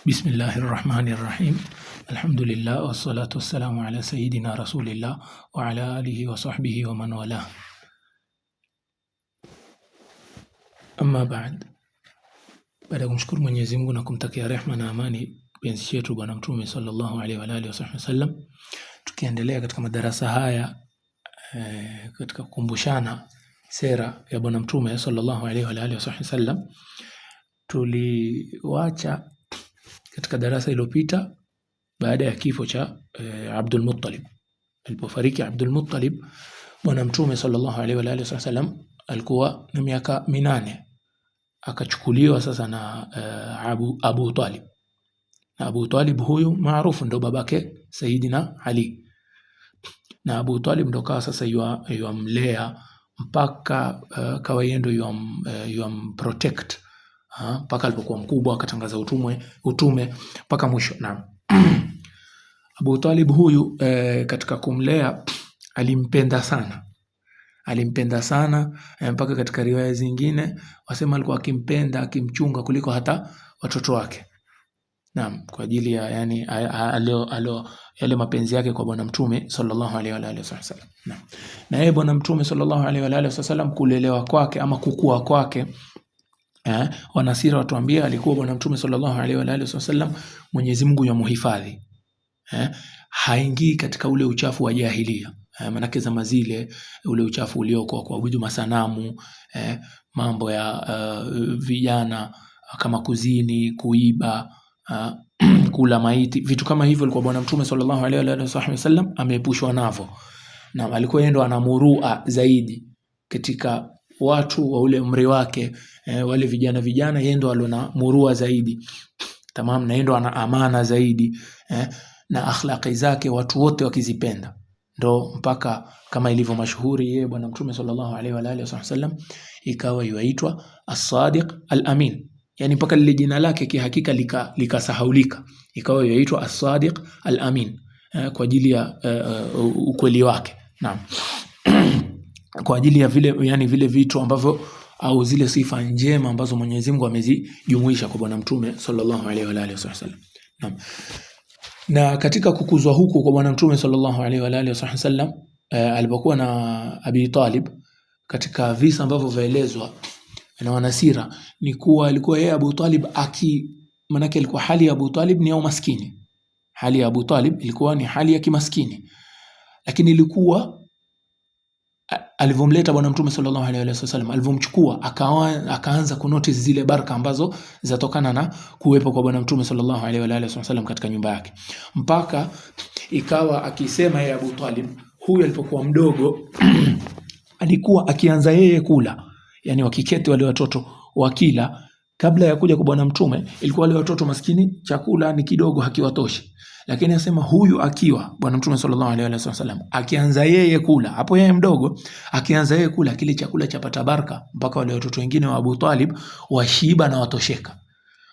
Bismillahi rahmani rahim. Alhamdulillah wassalatu wassalamu ala sayidina rasulillah wa ala alihi wa sahbihi wa man wala. Amma baad, baada ya kumshukuru Mwenyezi Mungu na kumtakia rehma na amani penzi chetu Bwana Mtume sallallahu alaihi wa alihi wasallam, tukiendelea katika madarasa haya eh, katika kukumbushana sera ya Bwana Mtume sallallahu alaihi wa alihi wasallam tuliwacha katika darasa iliyopita baada ya kifo cha e, Abdul Muttalib. Alipofariki Abdul Muttalib, bwana mtume sallallahu alaihi wa alihi wasallam alikuwa na miaka minane, akachukuliwa sasa na e, Abu, Abu Talib na Abu Talib huyu maarufu ndo babake Sayyidina Ali na Abu Talib ndo kawa sasa yuamlea mpaka uh, kawa yeye ndo yuam, uh, yuam protect mpaka alipokuwa mkubwa akatangaza utume utume mpaka mwisho. Naam. Abu Talib huyu e, katika kumlea alimpenda sana alimpenda sana eh, mpaka katika riwaya zingine wasema alikuwa akimpenda akimchunga kuliko hata watoto wake. Naam, kwa ajili ya yani alio alio yale mapenzi yake kwa bwana mtume sallallahu alaihi wa alihi wasallam. Naam. Na yeye bwana mtume sallallahu alaihi wa alihi wasallam kulelewa kwake ama kukua kwake eh, wanasira watuambia alikuwa bwana mtume sallallahu alaihi wa alihi wasallam, Mwenyezi Mungu yamhifadhi eh, haingii katika ule uchafu wa jahilia eh, manake zama zile ule uchafu ulioko kuabudu masanamu eh, mambo ya uh, vijana kama kuzini, kuiba uh, kula maiti, vitu kama hivyo alikuwa bwana mtume sallallahu alaihi wa alihi wasallam ameepushwa navyo, na alikuwa yeye ndo murua zaidi katika watu wa ule umri wake e, wale vijana vijana, yeye ndo alona murua zaidi tamam, na ndo ana amana zaidi e, na akhlaqi zake watu wote wakizipenda, ndo mpaka kama ilivyo mashuhuri yeye Bwana Mtume sallallahu alaihi wa alihi wasallam ikawa yuaitwa as-Sadiq al-Amin yani mpaka lile jina lake kihakika likasahaulika lika ikawa yuaitwa As-Sadiq Al-Amin, eh, kwa ajili ya eh, eh ukweli wake. Naam. kwa ajili ya vile yani vile vitu ambavyo au zile sifa njema ambazo Mwenyezi Mungu amezijumuisha kwa Bwana Mtume sallallahu alaihi wa alihi wasallam. Naam. Na katika kukuzwa huku kwa Bwana Mtume sallallahu alaihi wa alihi wasallam eh, alipokuwa na Abi Talib katika visa ambavyo vaelezwa na wanasira ni kuwa alikuwa yeye Abu Talib aki manake alikuwa hali ya Abu Talib ni ya umaskini. Hali ya Abu Talib ilikuwa ni hali ya kimaskini. Lakini ilikuwa alivyomleta Bwana Mtume sallallahu alaihi wasallam, alivyomchukua akaanza kunotice zile baraka ambazo zatokana na kuwepo kwa Bwana Mtume sallallahu alaihi wasallam katika nyumba yake, mpaka ikawa akisema yeye Abu Talib huyu alipokuwa mdogo alikuwa akianza yeye kula, yani wakiketi wale watoto wakila kabla ya kuja kwa Bwana Mtume ilikuwa wale watoto maskini chakula ni kidogo hakiwatoshi, lakini asema huyu akiwa Bwana Mtume sallallahu alaihi wasallam akianza yeye kula hapo, yeye mdogo akianza yeye kula kile chakula cha patabaraka, mpaka wale watoto wengine wa Abu Talib washiba na watosheka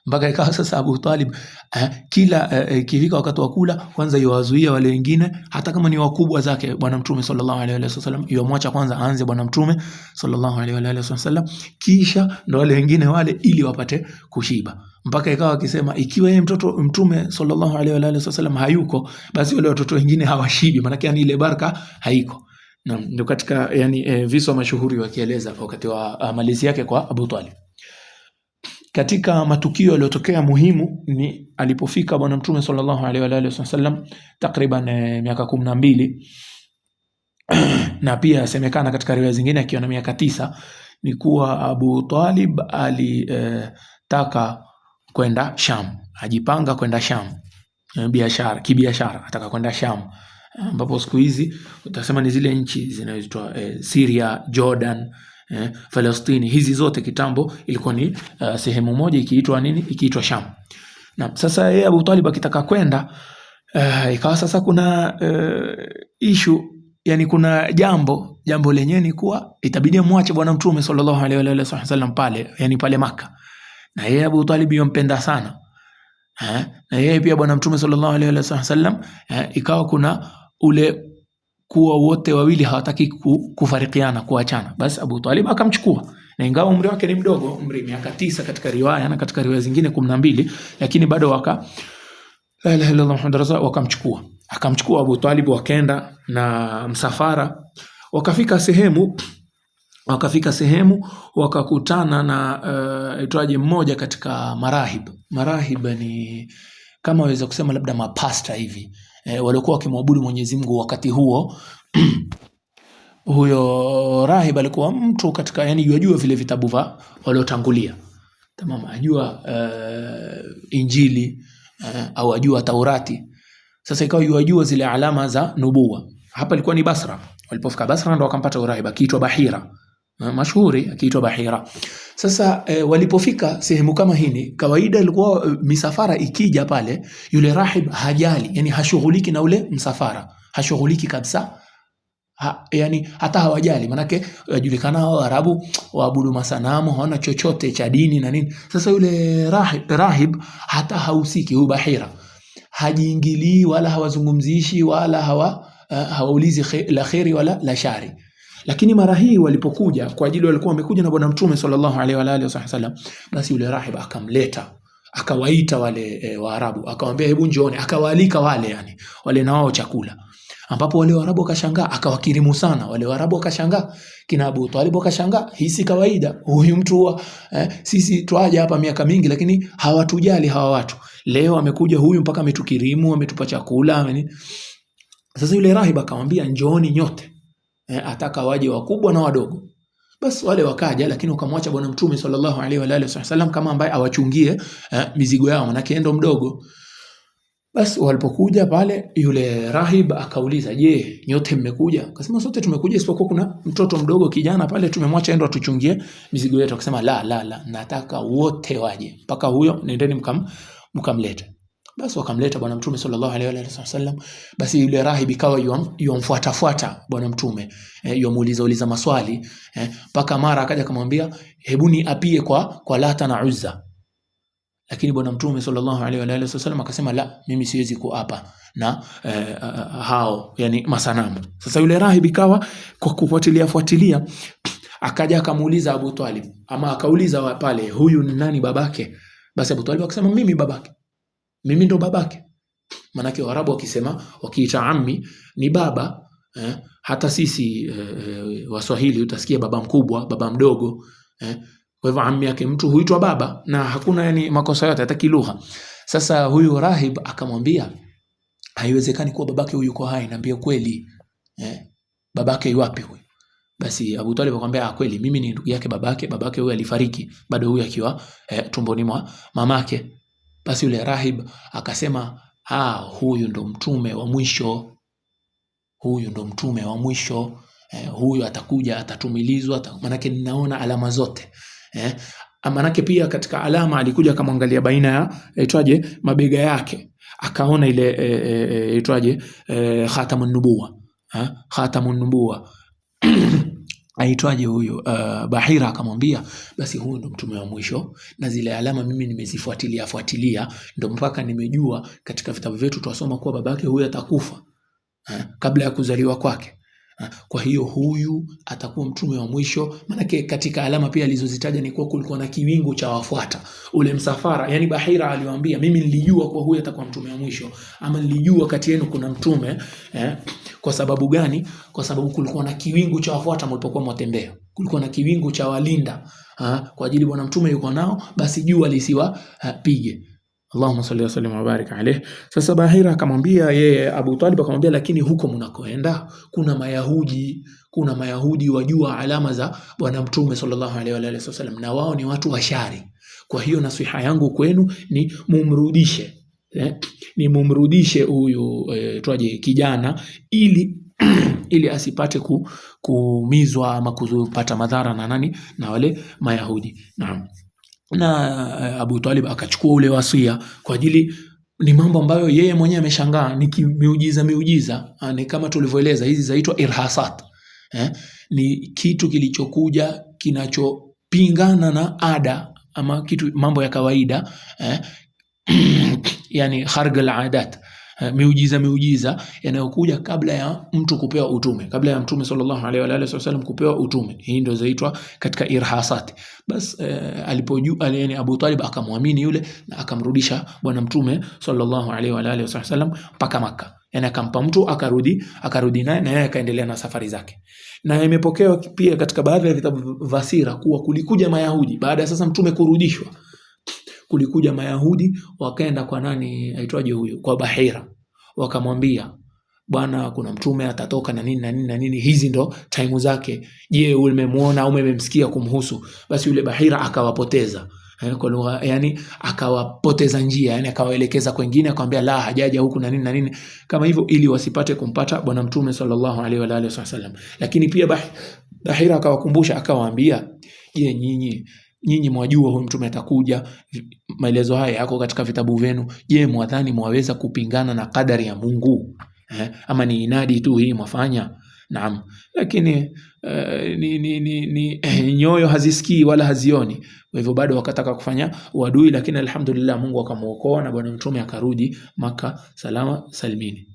mpaka ikawa sasa Abu Talib eh, kila eh, eh kifika wakati wa kula kwanza yuwazuia wale wengine, hata kama ni wakubwa zake bwana mtume sallallahu alaihi wa sallam, yuamwacha kwanza aanze bwana mtume sallallahu alaihi wa sallam, kisha ndo wale wengine wale, ili wapate kushiba mpaka ikawa akisema ikiwa yeye mtoto mtume sallallahu alaihi wa sallam hayuko, basi wale watoto wengine hawashibi, maana yani ile baraka haiko. Ndio katika yani, e, eh, visa mashuhuri wakieleza wakati wa ah, malizi yake kwa Abu Talib. Katika matukio yaliyotokea muhimu ni alipofika Bwana Mtume sallallahu alaihi wa alihi wasallam takriban eh, miaka kumi na mbili na pia asemekana katika riwaya zingine akiwa na miaka tisa ni kuwa Abu Talib alitaka eh, e, kwenda Sham, ajipanga kwenda Sham eh, biashara, kibiashara ataka kwenda Sham ambapo siku hizi utasema ni zile nchi zinazoitwa e, Syria, Jordan eh, Falastini hizi zote kitambo ilikuwa ni uh, sehemu moja ikiitwa nini? Ikiitwa Sham. Na sasa yeye Abu Talib akitaka kwenda uh, ikawa sasa kuna uh, issue yani kuna jambo jambo lenyewe ni kuwa itabidi amwache bwana mtume sallallahu alaihi wa alihi wasallam pale yani pale Maka, na yeye Abu Talib yompenda sana ha? na yeye pia bwana mtume sallallahu alaihi wa alihi sallam ikawa kuna ule kuwa wote wawili hawataki kufarikiana kuachana basi abu talib akamchukua na ingawa umri wake ni mdogo umri miaka tisa katika riwaya na katika riwaya zingine kumi na mbili lakini bado waka la ilaha illallah muhammadur rasul wakamchukua akamchukua abu talib wakenda na msafara wakafika sehemu wakafika sehemu wakakutana na uh, eh, itwaje mmoja katika marahib marahib ni kama waweza kusema labda mapasta hivi e, waliokuwa wakimwabudu Mwenyezi Mungu wakati huo huyo rahib alikuwa mtu katika yani yajua vile vitabu va waliotangulia tamam ajua uh, injili uh, au ajua taurati sasa ikawa yajua zile alama za nubuwa hapa ilikuwa ni basra walipofika basra ndo wakampata urahiba akiitwa bahira Eh, mashuhuri akiitwa Bahira. Sasa e, walipofika sehemu kama hili, kawaida ilikuwa eh, misafara ikija pale, yule rahib hajali, yani hashughuliki na ule msafara, hashughuliki kabisa. Ha, yani hata hawajali, manake wajulikana wa Arabu waabudu masanamu, hawana chochote cha dini na nini. Sasa yule rahib, rahib hata hahusiki, huyu Bahira hajiingilii wala hawazungumzishi wala hawa, uh, hawaulizi khe, la kheri wala la shari lakini mara hii walipokuja kwa ajili walikuwa wamekuja na bwana mtume sallallahu alaihi wa alihi wasallam, basi yule rahib akamleta akawaita wale e, Waarabu akawaambia hebu njooni, akawaalika wale yani wale na wao chakula, ambapo wale Waarabu wakashangaa, akawakirimu sana wale Waarabu wakashangaa, kina Abu Talib wakashangaa, hii si kawaida, huyu mtu wa eh, sisi twaja hapa miaka mingi, lakini hawatujali hawa watu, leo amekuja huyu mpaka ametukirimu, ametupa chakula Sasa yule rahiba akamwambia njooni nyote eh, ataka waje wakubwa na wadogo basi wale wakaja, lakini ukamwacha Bwana Mtume sallallahu alaihi wa alihi wasallam kama ambaye awachungie eh, mizigo yao, manake endo mdogo. Basi walipokuja pale, yule rahib akauliza, je, nyote mmekuja? Akasema sote tumekuja, isipokuwa kuna mtoto mdogo kijana pale, tumemwacha endo atuchungie mizigo yetu. Akasema la, la, la, nataka wote waje, mpaka huyo nendeni mkam, mkamlete. Basi wakamleta Bwana Mtume sallallahu alaihi wa wasallam. Basi yule rahib ikawa yomfuata fuata Bwana Mtume eh, yomuuliza uliza maswali eh, mpaka paka mara akaja akamwambia hebuni apie kwa kwa Lata na Uzza. Lakini Bwana Mtume sallallahu alaihi wa alihi wasallam akasema la, mimi siwezi kuapa na eh, hao yani masanamu. Sasa yule rahib ikawa kwa kufuatilia fuatilia akaja akamuuliza Abu Talib ama akauliza pale, huyu ni nani babake? Basi Abu Talib akasema mimi babake mimi ndo babake. Manake Waarabu wakisema wakiita ammi ni baba eh, hata sisi eh, eh, Waswahili utasikia baba mkubwa, baba mdogo eh. Kwa hivyo ammi yake mtu huitwa baba na hakuna yani makosa yote hata kilugha. Sasa huyu rahib akamwambia haiwezekani kuwa babake huyu yuko hai, niambie kweli eh, babake yuwapi huyu? Basi Abu Talib akamwambia ah, kweli, mimi ni ndugu yake babake, babake huyu alifariki bado huyu akiwa eh, tumboni mwa mamake. Basi yule rahib akasema, ah, huyu ndo mtume wa mwisho, huyu ndo mtume wa mwisho eh, huyu atakuja atatumilizwa, manake ninaona alama zote eh. Manake pia katika alama alikuja akamwangalia baina ya aitwaje mabega yake akaona ile aitwaje e, e, e, e, khatamun nubuwa ha? khatamun nubuwa aitwaje huyu uh, Bahira akamwambia, basi huyu ndo mtume wa mwisho, na zile alama mimi nimezifuatilia fuatilia, ndo mpaka nimejua katika vitabu vyetu twasoma kuwa babake huyu atakufa ha, eh, kabla ya kuzaliwa kwake. Eh. Kwa hiyo huyu atakuwa mtume wa mwisho, maanake katika alama pia alizozitaja ni kuwa kulikuwa na kiwingu cha wafuata ule msafara. Yani Bahira aliwaambia, mimi nilijua kuwa huyu atakuwa mtume wa mwisho, ama nilijua kati yenu kuna mtume eh, kwa sababu gani? Kwa sababu kulikuwa na kiwingu cha wafuata mlipokuwa mwatembea, kulikuwa na kiwingu cha walinda ha, kwa ajili Bwana Mtume yuko nao, basi jua lisiwapige. Allahumma salli wa sallim wa barik alayhi. Sasa Bahira akamwambia yeye Abu Talib akamwambia, lakini huko mnakoenda kuna Mayahudi, kuna Mayahudi wajua alama za Bwana Mtume sallallahu alihi wasallam, na wao ni watu washari. Kwa hiyo nasiha yangu kwenu ni mumrudishe eh, nimumrudishe huyu eh, twaje kijana ili ili asipate ku, kuumizwa ama kupata madhara na nani na wale Mayahudi. na, Na eh, Abu Talib akachukua ule wasia kwa ajili ni mambo ambayo yeye mwenyewe ameshangaa, ni miujiza miujiza, ah, ni kama tulivyoeleza, hizi zaitwa irhasat eh? Ni kitu kilichokuja kinachopingana na ada ama kitu mambo ya kawaida eh? yani kharq alaadat eh, miujiza miujiza yanayokuja kabla ya mtu kupewa utume, kabla ya mtume sallallahu alaihi wa alihi wasallam kupewa utume. Hii ndio zaitwa katika irhasati. Bas eh, alipojua yani Abu Talib akamwamini yule na akamrudisha bwana mtume sallallahu alaihi wa alihi wasallam mpaka Makka, yani akampa mtu akarudi, akarudi naye na yeye akaendelea na safari zake. Na imepokewa pia katika baadhi ya vitabu vya sira kuwa kulikuja Mayahudi baada ya sasa mtume kurudishwa kulikuja Mayahudi wakaenda kwa nani aitwaje huyu kwa Bahira wakamwambia bwana kuna mtume atatoka na nini na nini na nini hizi ndo taimu zake je umemwona au umemsikia kumhusu basi yule Bahira akawapoteza eh, kwa lugha yani akawapoteza njia yani akawaelekeza kwengine akamwambia la hajaja huku na nini na nini kama hivyo ili wasipate kumpata bwana mtume sallallahu alaihi wa alihi wasallam lakini pia Bahira akawakumbusha akawaambia je nyinyi nyinyi mwajua huyu mtume atakuja, maelezo haya yako katika vitabu vyenu. Je, mwadhani mwaweza kupingana na kadari ya Mungu eh? Ama ni inadi tu hii mwafanya? Naam, lakini uh, ni, ni, ni, ni eh, nyoyo hazisikii wala hazioni. Kwa hivyo bado wakataka kufanya uadui, lakini alhamdulillah Mungu akamwokoa na bwana mtume akarudi Maka salama salimini.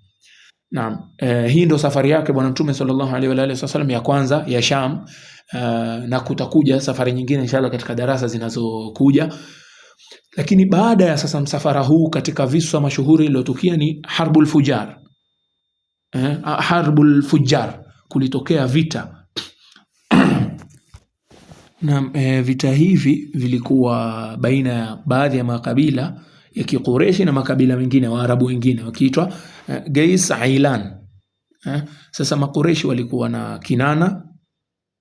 Naam, eh, hii ndo safari yake Bwana Mtume sallallahu alaihi wa alihi wasallam ya kwanza ya Sham uh, na kutakuja safari nyingine inshallah katika darasa zinazokuja. Lakini baada ya sasa msafara huu katika visa mashuhuri iliyotukia ni Harbul Fujar. Eh, Harbul Fujar kulitokea vita. na, eh, vita hivi vilikuwa baina ya baadhi ya makabila ya Kikureshi na makabila mengine Arabu wengine wakiitwa eh, Gais Ailan. Eh, sasa Makureshi walikuwa na Kinana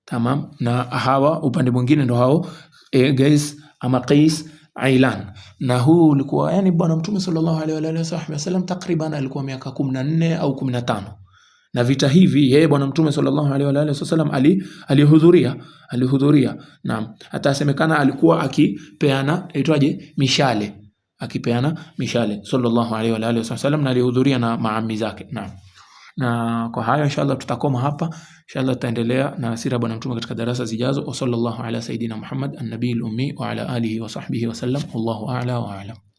tamam, na hawa upande mwingine ndo hao eh, Gais ama Qais Ailan. Na huu ulikuwa yani, bwana Mtume sallallahu alaihi wa alihi wasallam takriban alikuwa miaka 14 au 15 na vita hivi yeye bwana mtume sallallahu alaihi wa alihi wasallam ali alihudhuria alihudhuria. na hata asemekana alikuwa akipeana aitwaje mishale akipeana mishale sallallahu alaihi wa alihi wasallam, na alihudhuria na maami zake. Naam. Na kwa hayo inshallah tutakoma hapa. Inshallah tutaendelea na sira bwana mtume katika darasa zijazo. Wa sallallahu ala sayidina Muhammad an-nabiyil ummi wa ala alihi wa sahbihi wasallam. Wallahu a'la wa a'lam.